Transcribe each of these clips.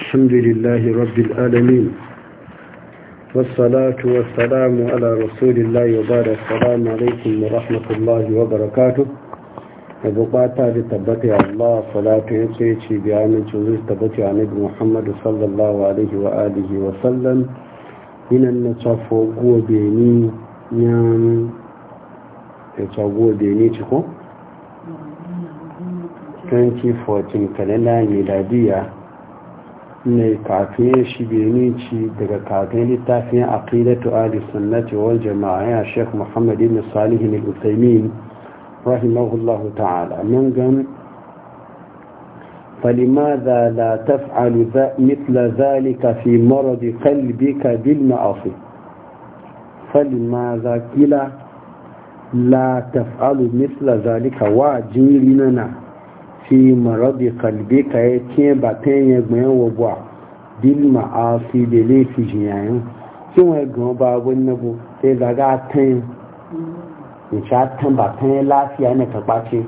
الحمد لله رب العالمين والصلاة والسلام على رسول الله وبعد السلام عليكم ورحمة الله وبركاته وبقاتا بتبتع الله صلاة يسيتي بعامل جزيز تبتع نبي محمد صلى الله عليه وآله وسلم من النصف وقوبيني نعم وقوبيني تكون 2014 kalenda miladiya mai kafin shi ci daga kafin littafin aqidatu ahli sunnati wal jama'a ya Sheikh Muhammad ibn Salih al-Utsaimin rahimahullahu ta'ala mun gan فلماذا لا تفعل مثل ذلك في مرض قلبك بالمعاصي فلماذا كلا لا تفعل مثل ذلك واجيلنا fi maradi kalbi ka yi tiɲɛ ba tiɲɛ yɛ gbɛɛ wɔ bɔ a bil ma a fi de le fi ziɲɛ yɛ fi wɔn yɛ ba wɔn na bo e la ka tiɲɛ nti a tiɲɛ ba tiɲɛ lafiya ne ka ba tiɲɛ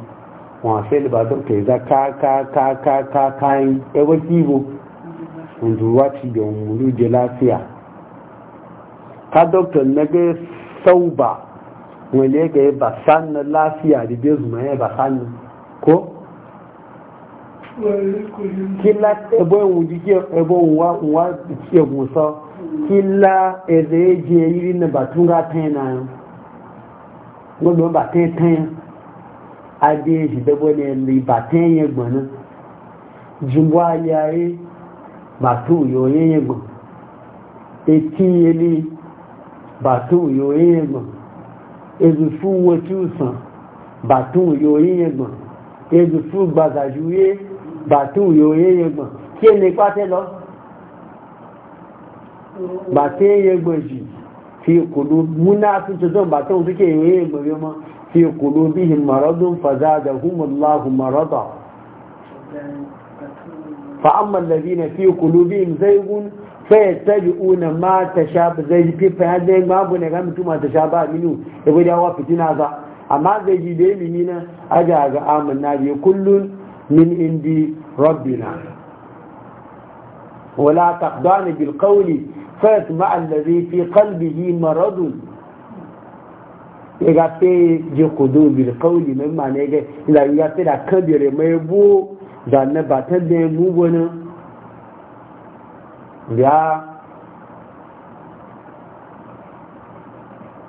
wɔn a ba dɔn ka yi za ka ka ka ka ka ka yi e wa ti bo ndu waati jɔn mulu de laafiya ka dɔkita nɛgɛ sawu ba wani ya ka yi ba sanni lafiya de bɛ zuma yɛ ba sanni ko. kila ebo ohun jiki ebo nwa nwa jiki egun sọ kila eze eji eyiri na batunga ten na yau gbogbo ba ten ten adi eji dabo ne li ba ten ye gbọnu jumbo aya ye batu yo ye ye gbọn eti ye li batu yo ye ye gbọn ezufu wetu san batu yo ye ye gbọn ezufu gbazaju ye. bàtú yòóyé yegbọn kí ẹni pàtẹ lọ bàtẹ yegbọn jì fi kòló múná tuntun tó bàtẹ òun tókè yòóyé fi kòló bí i mọ̀rọ́dún fàzádà húmọ̀láhù mọ̀rọ́dà fa'amman labi na fi kòló bí i zaigun fẹ́ẹ̀ tẹ́bi una ma ta sha ba zai ji fifa ya zai babu na gami tuma ta sha ba minu ya bai dawa fitina ba amma zai ji da yi na aja ga amin na biyu kullum min indi ربنا ولا تخضعن بالقول فيطمع الذي في قلبه مرض ya fe je kudu bil qawli mai ma ne ga ila ya fe da kan kabire mai bu da na ba ta da mu gona ya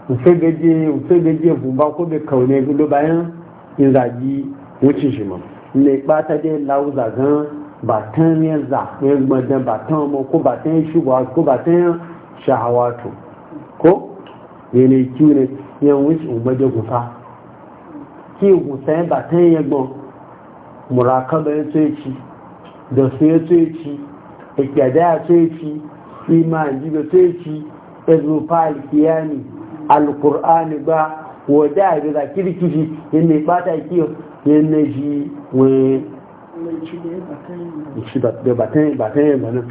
ufe gaje ufe gaje bu ba ko be kaune gudu bayan in zaji wuce shi mamu mai ɓata dai lauza gan ba ta ne zaɓe gbadan ba ta mu ko ba ta ko ba ta yin shahawatu ko yanayi kiwo ne yan wuce umarje gusa ki gusa yin ba ta yin gbọn murakaba ya ce ci da su ya ce ci ikiyada ya ce ci iman ji ya ce ci ezufa alkiyani alkur'ani ba wadda ya da kirkishi yanayi ɓata kiwo na ji wani ci batayin ba nan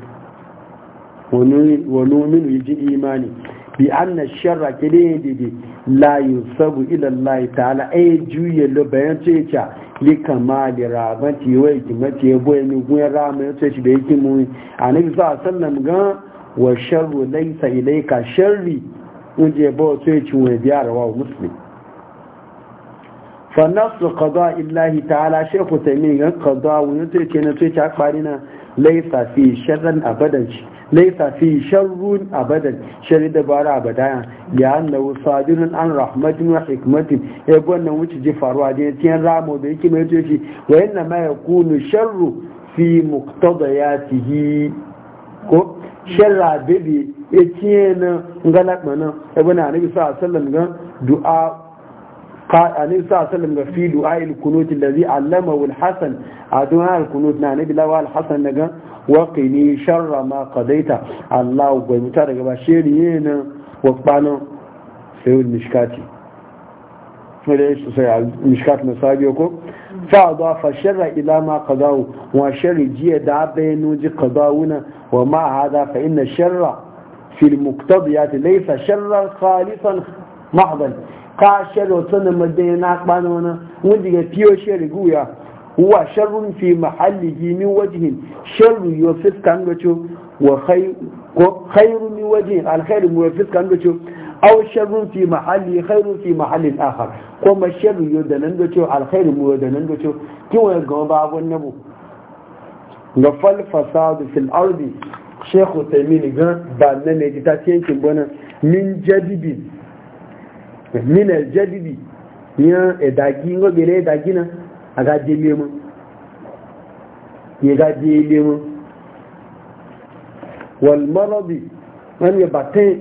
wani minu yi ji imani bi an na sharra kele yin dede layu sabu ilallahi ta'ala a e yi juye lo bayan ceca li kama li raban ti yi wai kimace ya e boye ni gun rama ya ce shi da yake mu a nabi sa sallam gan wa sharru laisa ilaika sharri wuje ba wato ya ci wani biyarwa wa musulmi. fannas da kaza illahi ta'ala shi ku taimi ga kaza wani to yake na tuce a kwari na laifa fi sharrun abadan shi laifa fi sharrun abadan shari da bara abadaya ya anna an rahmatin wa hikmatin ya e, bi wuce ji faruwa da yake yan ramo da yake mai tuce wa yanna ma ya kunu sharru fi muqtadayatihi ko sharra bibi ya e, ciye na ngalakmanin ya e, bi na anabi sa'a sallan ga du'a قال النبي صلى الله عليه وسلم في دعاء الكنوت الذي علمه الحسن دعاء الكنوت يعني بلاوى الحسن نجا وقني شر ما قضيت الله وبمتى رغب شيرينا وقبانا سيد المشكاتي فليش سيد المشكات مسابيوكو فأضاف الشر إلى ما قضاه وشر جي دابه نوجي قضاونا ومع هذا فإن الشر في المقتضيات ليس شرا خالصا محضا ka sharo tana madai na kwana wani wanda ga fiye shari guya wa sharrun fi mahalli min wajihin sharru fiska an gacho wa khairu ni wajihin alkhairu mu an gacho aw sharrun fi mahalli khairu fi mahalli akhar ko ma sharru yo da nan gacho alkhairu mu da nan gacho kin wa ga ba gon nabu ga fal fasad fil ardi shaykh utaymin ga ba nan ne ta yankin bana min jadibin min aljadidi ya edagi ngo bere edagi na aga jele mu ye ga jele mu wal maradi man ya batai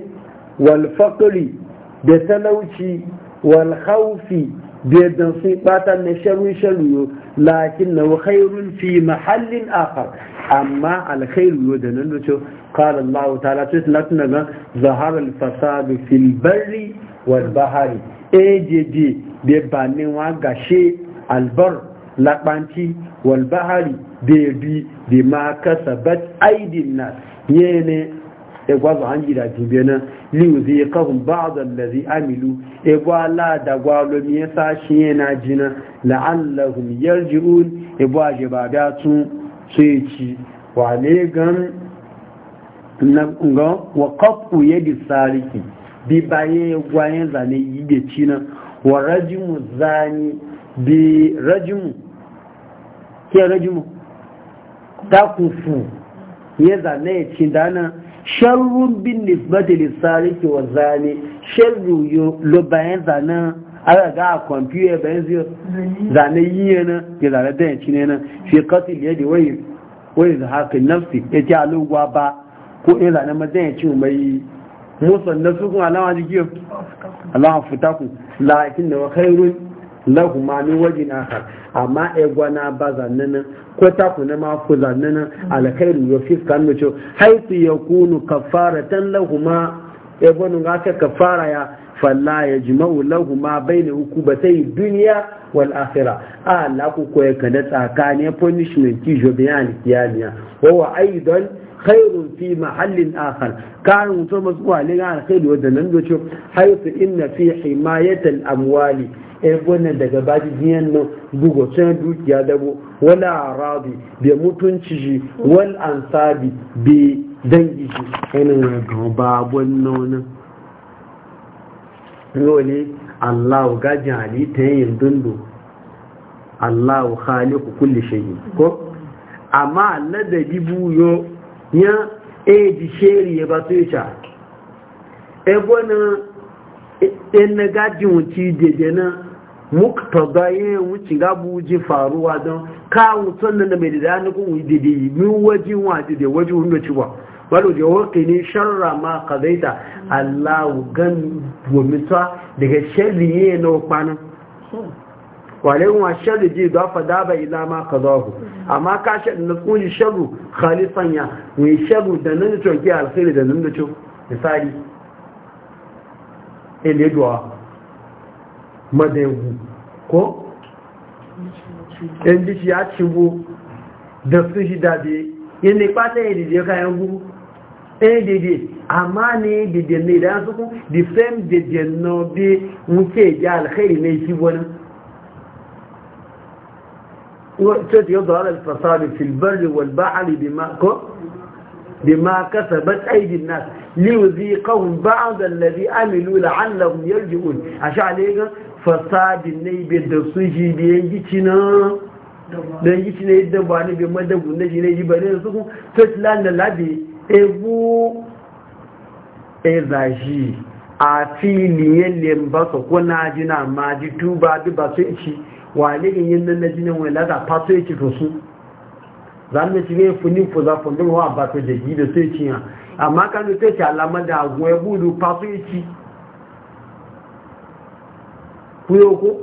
wal faqri da talauci wal khawfi bedan sun bata ne sharu sharu yo lakin na khairun fi mahallin afa amma al khairu da nan lucho qala allah ta'ala to lakin na zahara al fasad fi al barri wal bahari ejj be bani wa gashe al bar la banti wal bahari de bi de ma kasabat aidin yene egwazo hanji da jibe na liuzi ya kahun ba'adar da zai amilu egwa la da gwalo miya sashi na jina la'allahun yarji'un egwa je ba da tun sai ci ne gan na ga wa kafu ya di sariki bi baye egwa ya zane yi da ci na wa rajimu zani bi rajimu ke rajimu ta kufu ya zane ya ci dana sharrun bin nisbati lisariki wa zane sharru yo lo bayan zanen aka ga a kwamfiyo bayan ziyo zane yiye na ya zane da yanci ne na fi katil ya da wayi wayi da haka nafsi ya ce alogwa ba ko ya zane ma da yanci mai musan na sukun alama jikiyo alama fitaku lakin da wa khairun lahu ma min wajin akhar amma e gwana ba zannan ko ta kuna ma ku zannan alkhairu yo fiskan cho haythu yakunu kafaratan lahuma e gwana ga kafara ya falla yajma'u lahuma bayna hukubatai dunya wal A la ku ko e kada tsakani punishment ki jobiyani bayani kiyaniya wa wa aidan khairun fi mahallin akhar karin mutum masu wale ga alkhairu wadda nan da cewa haifu inna fi himayatal amwali e wannan daga baji biyan nan gugu can dukiya dabo wala arabi bi mutunci shi wal ansabi bi dangi shi kanin ba wannan wani Allah gajin halitta yin dundu Allah khaliqu kulli shay'in ko amma ladabi buyo ya eji sheri ya ba tuca ebo na ɗan gajin wuce jeje na muktada ya wuce gabu ji faruwa don kawo sannan da mai da dani kun wuce jeje yi min waje waje da waje wanda ci ba wadda da wakil ne sharra ma kazaita allahu gan gomita daga yi na kwanan hmm. walayin wa sharri ji da fa da ba ila ma kazahu amma ka shi da kuli shagu khalifan ya mai shagu da nan da toki alkhairi da nan da to misali eledwa madengu ko en dishi ya cibo da su shi dabe yin ne kwata ya da kayan guru ɗaya dede amma ne dede ne da ya suku the same dede na bi wuce ji alkhairi ne shi wani يظهر الفساد في البر والبحر بما بما كسبت أيدي الناس ليذيقهم بعض الذي عملوا لعلهم يرجعون عشان عليك فساد النيب الدسوجي بينجتنا don yi ne yadda ba ne bai madagun na shi ne yi bane da suku feslan da labi egwu ezaji a filiyen lemba su kuna jina ma ji tuba bi ba su ici wa ne ga yin nan na jinin wani lada fato yake to su za mu ci ne funi fuza za funi wa ba to da gida sai ci ya amma kan ta ce alama da gwe ya budu fato yake kuyo ko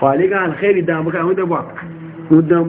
wa ne alkhairi da muka mu da ba mu dan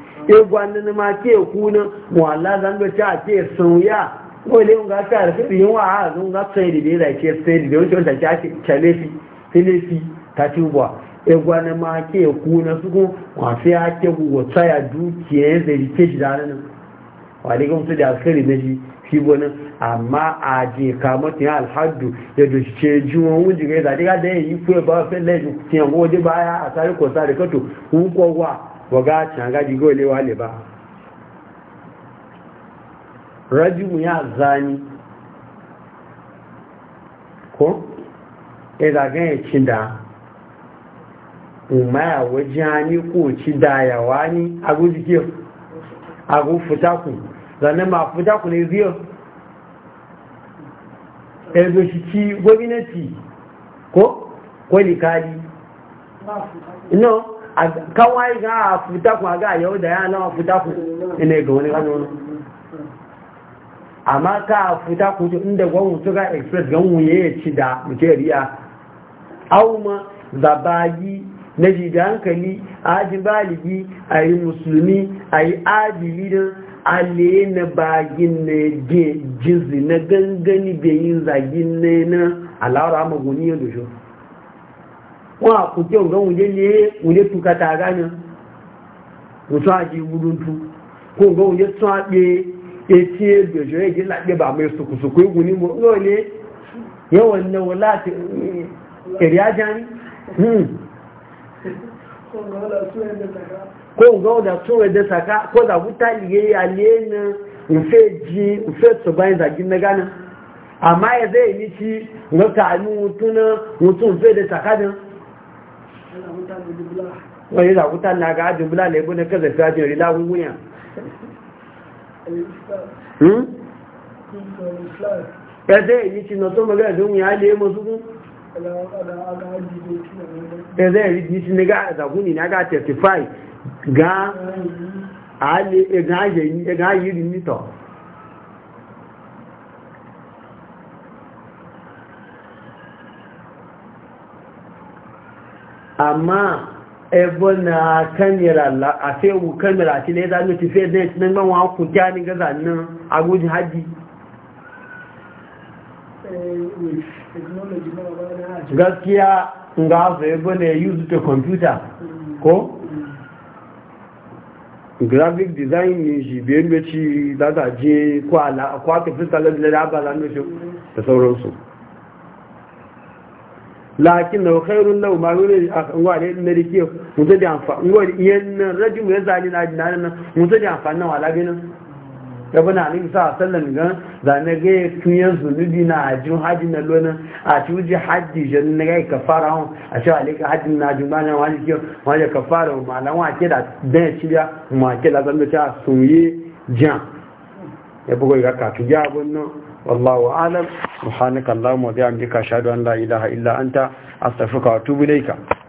e gwanin ma ke kunan wala zan ga ta ke le wale ga ta alfi yin wa ha zun ga sai dide da ke sai da wato ta ta ke chalefi filefi ta tuba e gwanin ma ke kunan su ko e wa sai ha ke go tsaya dukiye da rike shi da nan wale ga su da alkhairi da shi shi wani amma a je kamata ya alhaddu ya dushe juwon wujiga ya zaɗi ga da yi fuwa ba fẹ́ lẹ́yìn tiyan waje baya a sáré kọsa da kato hukọwa waga can gaji gole wale ba rajimu ya zani ko izagen e e ya ci da umaya wajani ko ci da yawa ni agu jike agu futaku zanen ma futaku ne ziyo ezo shi ci gwamnati ko kwalikali no kawai ga a futa ku ga yau da yana wa futa ku ina ga wani gano amma ka futa ku inda gwamnati su ga express ganwu ya ci da muke riya auma zabagi na jida hankali aji baligi a yi musulmi a yi adili don na bagin na jizi na gangani bayin zagin na yana alawar amagoni ya dushe wọn àkùtẹ́ òǹgá òǹdé lé òǹdé tukata àgáyàn òtún àti ìwúrúntú kó òǹgá òǹdé tún àpé etí ẹgbẹ̀ṣọ́ èdè lápé bàmí sùkùsùkù egun ní mo náà lé yẹ́wọ̀n náwó láti èrè ajáni kó òǹgá òǹdà tún ẹ̀dẹ́ sàká kó dàbútà ìyẹ́ alẹ́ náà ìfẹ́ jí ìfẹ́ tọ̀báyìn dàjí mẹ́gánà àmáyẹ̀ bẹ́ẹ̀ ní ti rọ́kà ní mutum fẹ́ da takadin wọ́n yíra kúta na ga ajubula na ebe na fi ajiyar rila wúwú yàn èyí ti nà tó mẹ́rẹ́ ẹ̀dùn yà lè mọ́ súnkún èyí ti àzàkún ní aga 35 ìrìn amma ebon na kamera a fe wu kamera ti le zanu ti fe net nan ban wa ku jani ga zannan agujin haji gaskiya nga zo ebon ne use to computer ko graphic design ne shi ta je kwa fi da da sauransu lakin na khairun lau ma wuri wa da na rike mutu da amfani yan rajin ya zani na dinan nan da na wala na alim sa sallan ga zane ga tun na ajin haji na lona a tuji haji jan na ga kafara hon a alika haji na juma na wani ke wani kafara ma na wa ciya ma ke la zan ta wallahu alam subhanaka allahumma wa bihamdika ashhadu an la ilaha illa anta astaghfiruka wa atubu ilayka